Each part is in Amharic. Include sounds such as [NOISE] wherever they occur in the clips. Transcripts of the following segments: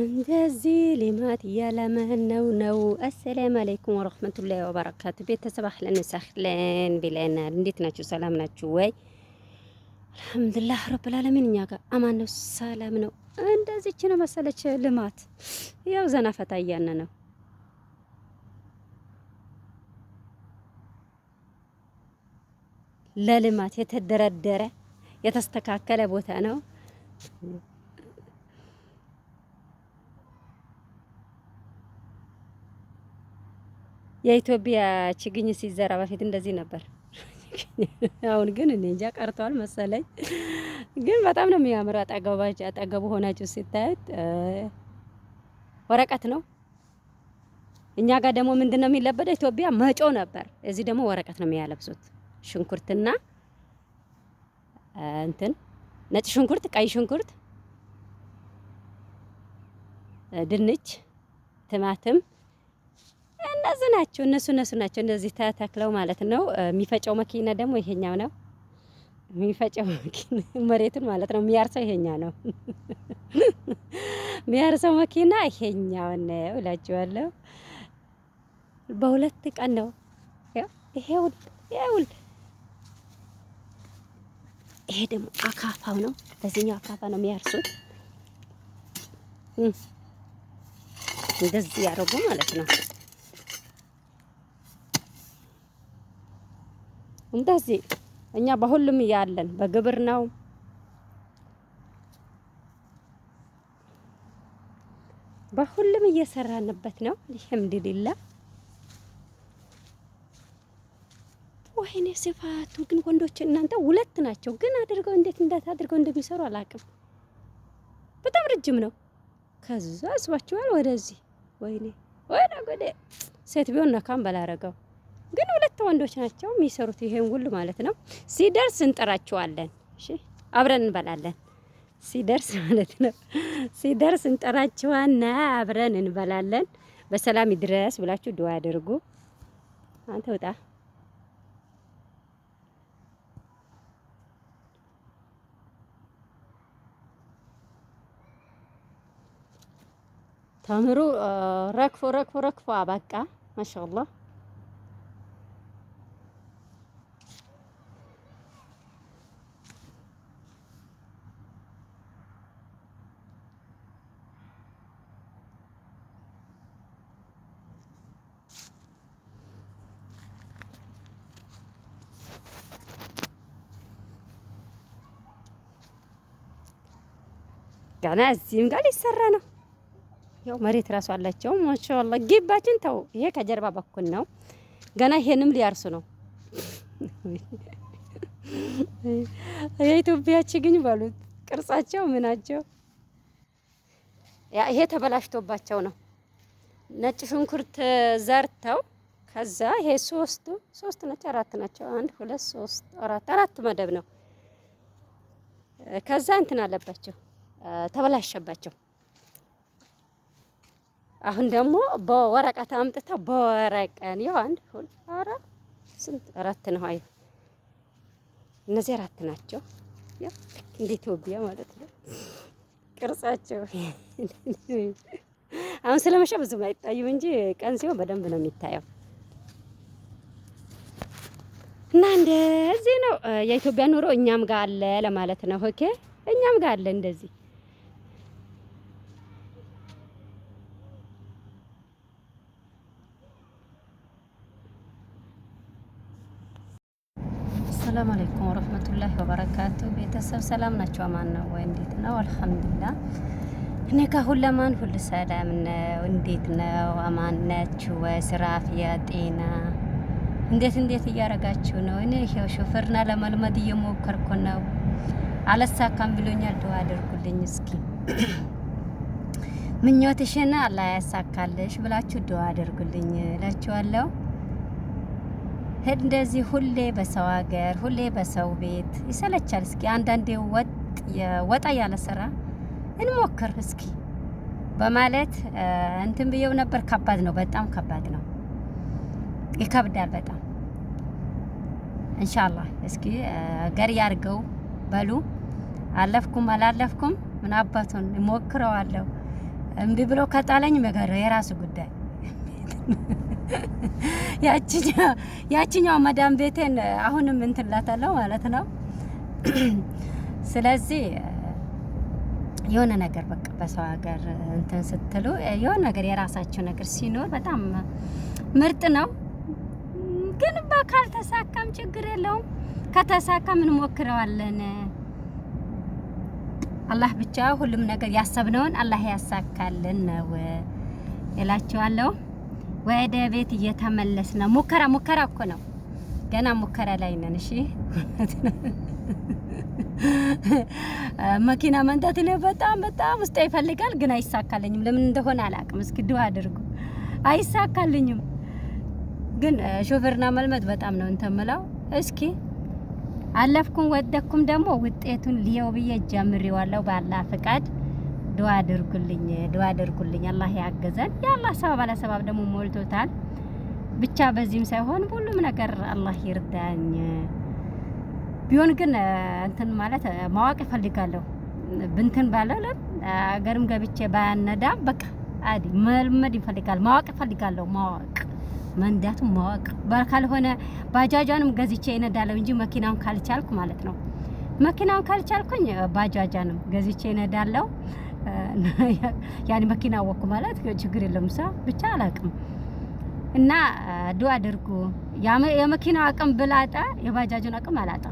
እንደዚህ ሌማት እያለመን ነው ነው። አሰላም አለይኩም ወረህመቱላሂ ወበረካቱ። ቤተሰብ አህለን ሳህለን ብለናል። እንዴት ናችሁ? ሰላም ናችሁ ወይ? አልሐምዱላህ ረብልዓለሚን እኛ ጋር አማን ነው፣ ሰላም ነው። እንደዚች ነው መሰለች ልማት። ያው ዘና ፈታ እያነ ነው። ለልማት የተደረደረ የተስተካከለ ቦታ ነው። የኢትዮጵያ ችግኝ ሲዘራ በፊት እንደዚህ ነበር። [LAUGHS] አሁን ግን እኔ እንጃ ቀርቷል መሰለኝ። ግን በጣም ነው የሚያምር። አጠገባችሁ አጠገቡ ሆናችሁ ሲታዩት ወረቀት ነው። እኛ ጋር ደግሞ ምንድን ነው የሚለበደው? ኢትዮጵያ መጮ ነበር። እዚህ ደግሞ ወረቀት ነው የሚያለብሱት። ሽንኩርትና እንትን ነጭ ሽንኩርት፣ ቀይ ሽንኩርት፣ ድንች፣ ትማትም? እነዚህ ናቸው እነሱ እነሱ ናቸው እንደዚህ ተተክለው ማለት ነው። የሚፈጨው መኪና ደግሞ ይሄኛው ነው የሚፈጨው መኪና [LAUGHS] መሬቱን ማለት ነው። የሚያርሰው ይሄኛው ነው [LAUGHS] የሚያርሰው መኪና ይሄኛው ነው እላችኋለሁ። በሁለት ቀን ነው ይሄውል ይሄውል። ይሄ ደግሞ አካፋው ነው። በዚህኛው አካፋ ነው የሚያርሱት እንደዚህ ያደረጉ ማለት ነው። እንደዚህ እኛ በሁሉም ያለን በግብር ነው። በሁሉም እየሰራንበት ነው። አልሐምዱሊላ። ወይኔ ስፋቱ ግን ወንዶች እናንተ ሁለት ናቸው፣ ግን አድርገው እንዴት አድርገው እንደሚሰሩ አላውቅም። በጣም ረጅም ነው። ከዛ አስባችኋል ወደዚህ። ወይኔ ወይኔ ጎዴ ሴት ቢሆን ነካም በላረገው ግን ሁለት ወንዶች ናቸው የሚሰሩት ይሄን ሁሉ ማለት ነው። ሲደርስ እንጠራቸዋለን። እሺ አብረን እንበላለን። ሲደርስ ማለት ነው። ሲደርስ እንጠራቸዋና አብረን እንበላለን። በሰላም ይድረስ ብላችሁ ዱዓ አድርጉ። አንተ ውጣ ተምሩ ረክፎ ረክፎ ረክፎ አባቃ ማሻአላህ ገና እዚህም ጋር ሊሰራ ነው። ያው መሬት ራሱ አላቸው። ማሻአላ ግባችን ተው። ይሄ ከጀርባ በኩል ነው። ገና ይሄንም ሊያርሱ ነው። የኢትዮጵያ ችግኝ ባሉት ቅርጻቸው ምናቸው ይሄ ተበላሽቶባቸው ነው። ነጭ ሽንኩርት ዘርተው ከዛ ይሄ ሶስቱ ሶስት ነች አራት ናቸው። አንድ ሁለት ሶስት አራት አራት መደብ ነው። ከዛ እንትን አለባቸው ተበላሸባቸው። አሁን ደግሞ በወረቀት አምጥታ በወረቀን ያው አንድ ሁለት አራት ስንት አራት ነው። አይ እነዚህ አራት ናቸው። ያው እንደ ኢትዮጵያ ማለት ነው ቅርጻቸው። አሁን ስለመሸ ብዙም አይታዩም እንጂ ቀን ሲሆን በደንብ ነው የሚታየው። እና እንደዚህ ነው የኢትዮጵያ ኑሮ እኛም ጋር አለ ለማለት ነው። ኦኬ እኛም ጋር አለ እንደዚህ አሰላሙ አለይኩም ወረህመቱላሂ ወበረካቱ። ቤተሰብ ሰላም ናቸው? አማን ነው ወይ? እንዴት ነው? አልሐምዱሊላህ እኔ ካሁን ለማን ሁሉ ሰላም ነው። እንዴት ነው? አማን ናችሁ ወይ? ስራ፣ ጤና እንዴት እንዴት እያረጋችሁ ነው? እኔ ይኸው ሾፌርና ለመልመድ እየሞከርኩ ነው። አለሳካም ብሎኛል። ዱአ አድርጉልኝ እስኪ ምኞትሽን አላህ ያሳካልሽ ብላችሁ ዱአ አድርጉልኝ እላችኋለሁ። እንደዚህ ሁሌ በሰው ሀገር ሁሌ በሰው ቤት ይሰለቻል። እስኪ አንዳንዴ ወጣ ያለ ስራ እንሞክር እስኪ በማለት እንትን ብየው ነበር። ከባድ ነው፣ በጣም ከባድ ነው፣ ይከብዳል በጣም ኢንሻአላህ። እስኪ ገር ያርገው በሉ። አለፍኩም አላለፍኩም ምን አባቱን ሞክረዋለሁ። እምቢ ብሎ ከጣለኝ መገረው የራሱ ጉዳይ ያችኛው መዳም ቤቴን አሁንም እንትን ላታለሁ ማለት ነው። ስለዚህ የሆነ ነገር በቃ በሰው ሀገር እንትን ስትሉ የሆነ ነገር የራሳቸው ነገር ሲኖር በጣም ምርጥ ነው። ግን ተሳካም ችግር የለውም፣ ከተሳካ እንሞክረዋለን። አላህ ብቻ ሁሉም ነገር ያሰብነውን አላህ ያሳካልን ነው እላችኋለሁ። ወደ ቤት እየተመለስ ነው። ሙከራ ሙከራ እኮ ነው፣ ገና ሙከራ ላይ ነን። እሺ [LAUGHS] መኪና መንዳት ነው። በጣም በጣም ውስጥ ይፈልጋል፣ ግን አይሳካልኝም። ለምን እንደሆነ አላውቅም። እስኪ አድርጉ። አይሳካልኝም፣ ግን ሾፌርና መልመድ በጣም ነው እንተምላው። እስኪ አለፍኩም ወደኩም ደግሞ ውጤቱን ሊየው ብዬ ጀምሬዋለሁ ባላ ፍቃድ ዱዓ አድርጉልኝ፣ ዱዓ አድርጉልኝ። አላህ ያገዘን። የአላህ ሰበብ ባለ ሰበብ ደግሞ ሞልቶታል። ብቻ በዚህም ሳይሆን ሁሉም ነገር አላህ ይርዳኝ። ቢሆን ግን እንትን ማለት ማወቅ እፈልጋለሁ። ብንትን ባለለም አገርም ገብቼ ባያነዳም በቃ አዲ መልመድ ይፈልጋል። ማወቅ እፈልጋለሁ። ማወቅ መንዳቱ ማወቅ ካልሆነ ባጃጃንም ገዝቼ እነዳለሁ እንጂ መኪናውን ካልቻልኩ ማለት ነው። መኪናውን ካልቻልኩኝ ባጃጃንም ገዝቼ እነዳለሁ። [LAUGHS] ያን መኪና አወቅኩ ማለት ችግር የለም። ሳ ብቻ አላቅም እና ዱ አድርጉ የመኪና አቅም ብላጣ የባጃጁን አቅም አላጣ።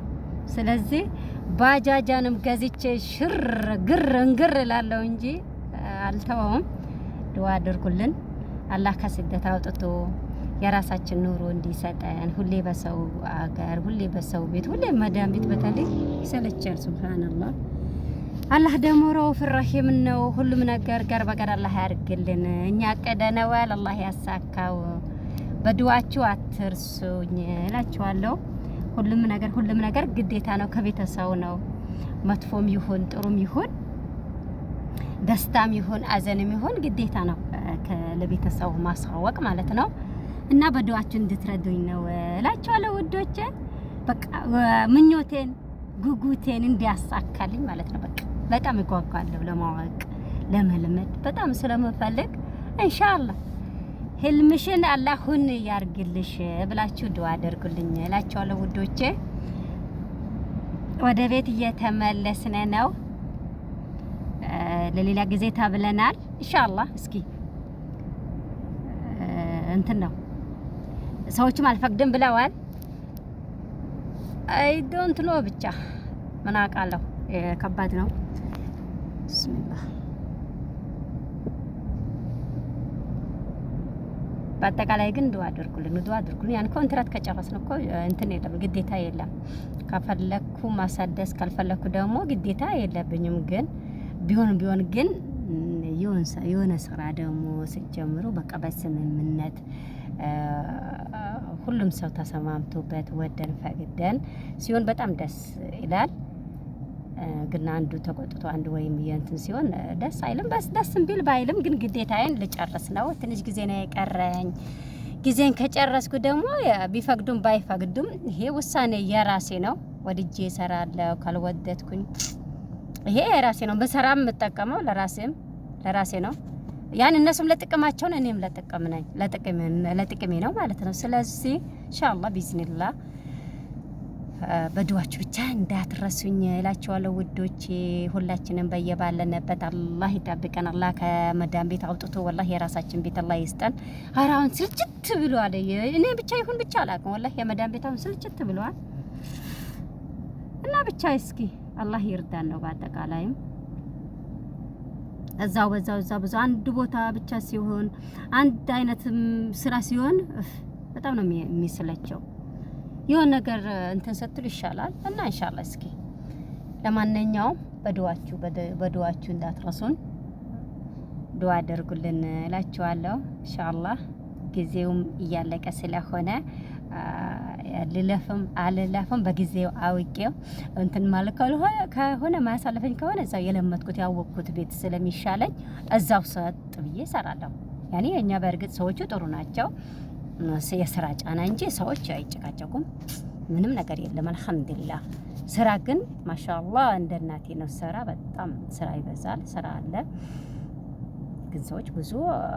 ስለዚህ ባጃጃንም ገዝቼ ሽር ግር እንግር ላለው እንጂ አልተወውም። ዱአ አድርጉልን። አላህ ከስደት አውጥቶ የራሳችን ኑሮ እንዲሰጠን። ሁሌ በሰው አገር፣ ሁሌ በሰው ቤት፣ ሁሌ መዳን ቤት በተለይ ይሰለቻል። ሱብሃንአላህ አላህ ደግሞ ረውፍን ረሂም ነው። ሁሉም ነገር ጋር በጋር አላህ ያድርግልን። እኛ ቀደነዋል፣ አላህ ያሳካው። በድዋችሁ አትርሱኝ እላችኋለሁ። ሁሉም ነገር ሁሉም ነገር ግዴታ ነው፣ ከቤተሰቡ ነው። መጥፎም ይሁን ጥሩም ይሁን ደስታም ይሁን አዘንም ይሁን ግዴታ ነው ለቤተሰቡ ማስዋወቅ ማለት ነው። እና በድዋችሁ እንድትረዱኝ ነው እላችኋለሁ ውዶቼ። በቃ ምኞቴን ጉጉቴን እንዲያሳካልኝ ማለት ነው በቃ በጣም እጓጓለሁ ለማወቅ ለመልመድ በጣም ስለምፈልግ ኢንሻአላህ ህልምሽን አላሁን ያርግልሽ ብላችሁ ዱአ አድርጉልኝ እላችኋለሁ ውዶቼ። ወደ ቤት እየተመለስን ነው። ለሌላ ጊዜ ታብለናል ኢንሻአላህ። እስኪ እንትን ነው ሰዎችም አልፈቅድም ብለዋል። አይ ዶንት ኖ ብቻ ምን አውቃለሁ ከባድ ነው። ብስሚላ በአጠቃላይ ግን ድዋ አድርጉልን፣ ዱአ አድርጉልን። ያን ኮንትራት ከጨረስን እኮ እንትን የለም ግዴታ የለም። ካፈለኩ ማሳደስ ካልፈለኩ ደግሞ ግዴታ የለብኝም። ግን ቢሆን ቢሆን ግን የሆነ ስራ ደግሞ ስትጀምሩ በቃ በስምምነት ሁሉም ሰው ተሰማምቶበት ወደን ፈቅደን ሲሆን በጣም ደስ ይላል። ግን አንዱ ተቆጥቶ አንዱ ወይም የእንትን ሲሆን ደስ አይልም። በስ ደስም ቢል ባይልም ግን ግዴታዬን ልጨርስ ነው። ትንሽ ጊዜ ነው የቀረኝ። ጊዜን ከጨረስኩ ደግሞ ቢፈቅዱም ባይፈቅዱም ይሄ ውሳኔ የራሴ ነው። ወድጄ እሰራለሁ። ካልወደድኩኝ ይሄ የራሴ ነው። በሰራም የምጠቀመው ለራሴም ለራሴ ነው። ያን እነሱም ነው፣ እኔም ለጥቅም ነኝ ለጥቅሜ ነው ማለት ነው። ስለዚህ ኢንሻአላህ ቢዝኒላህ በዱዋችሁ ብቻ እንዳትረሱኝ እላቸዋለሁ። ውዶቼ። ሁላችንም በየባለንበት አላህ ይጠብቀን። አላህ ከመዳን ቤት አውጥቶ ወላሂ የራሳችን ቤት አላህ ይስጠን። ኧረ አሁን ስልጭት ብሏል። እኔ ብቻ ይሁን ብቻ አላውቅም። ወላሂ የመዳን ቤት አሁን ስልጭት ብሏል እና ብቻ እስኪ አላህ ይርዳን ነው በአጠቃላይም እዛው በዛው እዛው ብዙ አንድ ቦታ ብቻ ሲሆን አንድ አይነት ስራ ሲሆን በጣም ነው የሚስለቸው። የሆነ ነገር እንትን ስትሉ ይሻላል እና እንሻላ እስኪ ለማንኛውም በድዋችሁ በድዋችሁ እንዳትረሱን ድዋ አድርጉልን እላችኋለሁ። ኢንሻአላህ ጊዜውም እያለቀ ስለሆነ ልለፍም አልለፍም በጊዜው አውቄው እንትን ማለት ከሆነ ማያሳለፈኝ ከሆነ እዛው የለመድኩት ያወቅኩት ቤት ስለሚሻለኝ እዛው ሰጥ ብዬ እሰራለሁ። ያኔ እኛ በእርግጥ ሰዎቹ ጥሩ ናቸው። የስራ ጫና እንጂ ሰዎች አይጨቃጨቁም። ምንም ነገር የለም። አልሐምዱሊላህ። ስራ ግን ማሻላ እንደ እናቴ ነው። ስራ በጣም ስራ ይበዛል። ስራ አለ፣ ግን ሰዎች ብዙ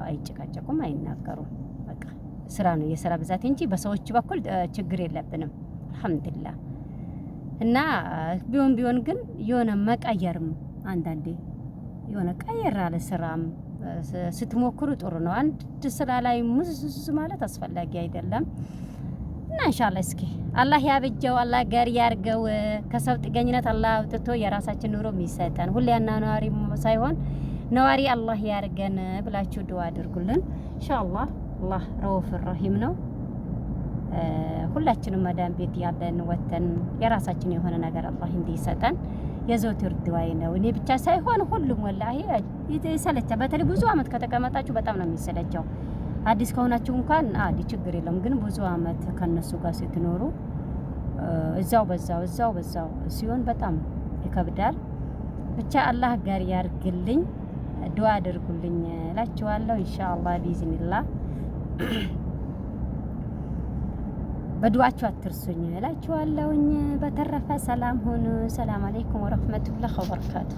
አይጨቃጨቁም፣ አይናገሩም። በቃ ስራ ነው የስራ ብዛት እንጂ በሰዎች በኩል ችግር የለብንም። አልሐምዱሊላህ። እና ቢሆን ቢሆን ግን የሆነ መቀየርም አንዳንዴ የሆነ ቀየር አለ ስራም ስትሞክሩ ጥሩ ነው። አንድ ስራ ላይ ሙዝ ማለት አስፈላጊ አይደለም እና እንሻላ እስኪ አላህ ያብጀው፣ አላህ ገር ያርገው። ከሰው ጥገኝነት አላህ አውጥቶ የራሳችን ኑሮ የሚሰጠን ሁሌና ነዋሪ ሳይሆን ነዋሪ አላህ ያርገን ብላችሁ ድዋ አድርጉልን እንሻላ። አላህ ረውፍ ረሂም ነው። ሁላችንም መዳን ቤት ያለን ወተን የራሳችን የሆነ ነገር አላህ እንዲሰጠን የዘውትር ድዋይ ነው። እኔ ብቻ ሳይሆን ሁሉም ወላሂ ይሰለቻ። በተለይ ብዙ አመት ከተቀመጣችሁ በጣም ነው የሚሰለቸው። አዲስ ከሆናችሁ እንኳን አዲስ ችግር የለም፣ ግን ብዙ አመት ከነሱ ጋር ስትኖሩ እዛው በዛው እዛው በዛው ሲሆን በጣም ይከብዳል። ብቻ አላህ ጋር ያርግልኝ፣ ዱዓ አድርጉልኝ እላችኋለሁ። ኢንሻአላህ ቢዝኒላህ በዱዓችሁ አትርሱኝ እላችኋለሁኝ። በተረፈ ሰላም ሁኑ። ሰላም አለይኩም ወረህመቱላህ ወበረካቱ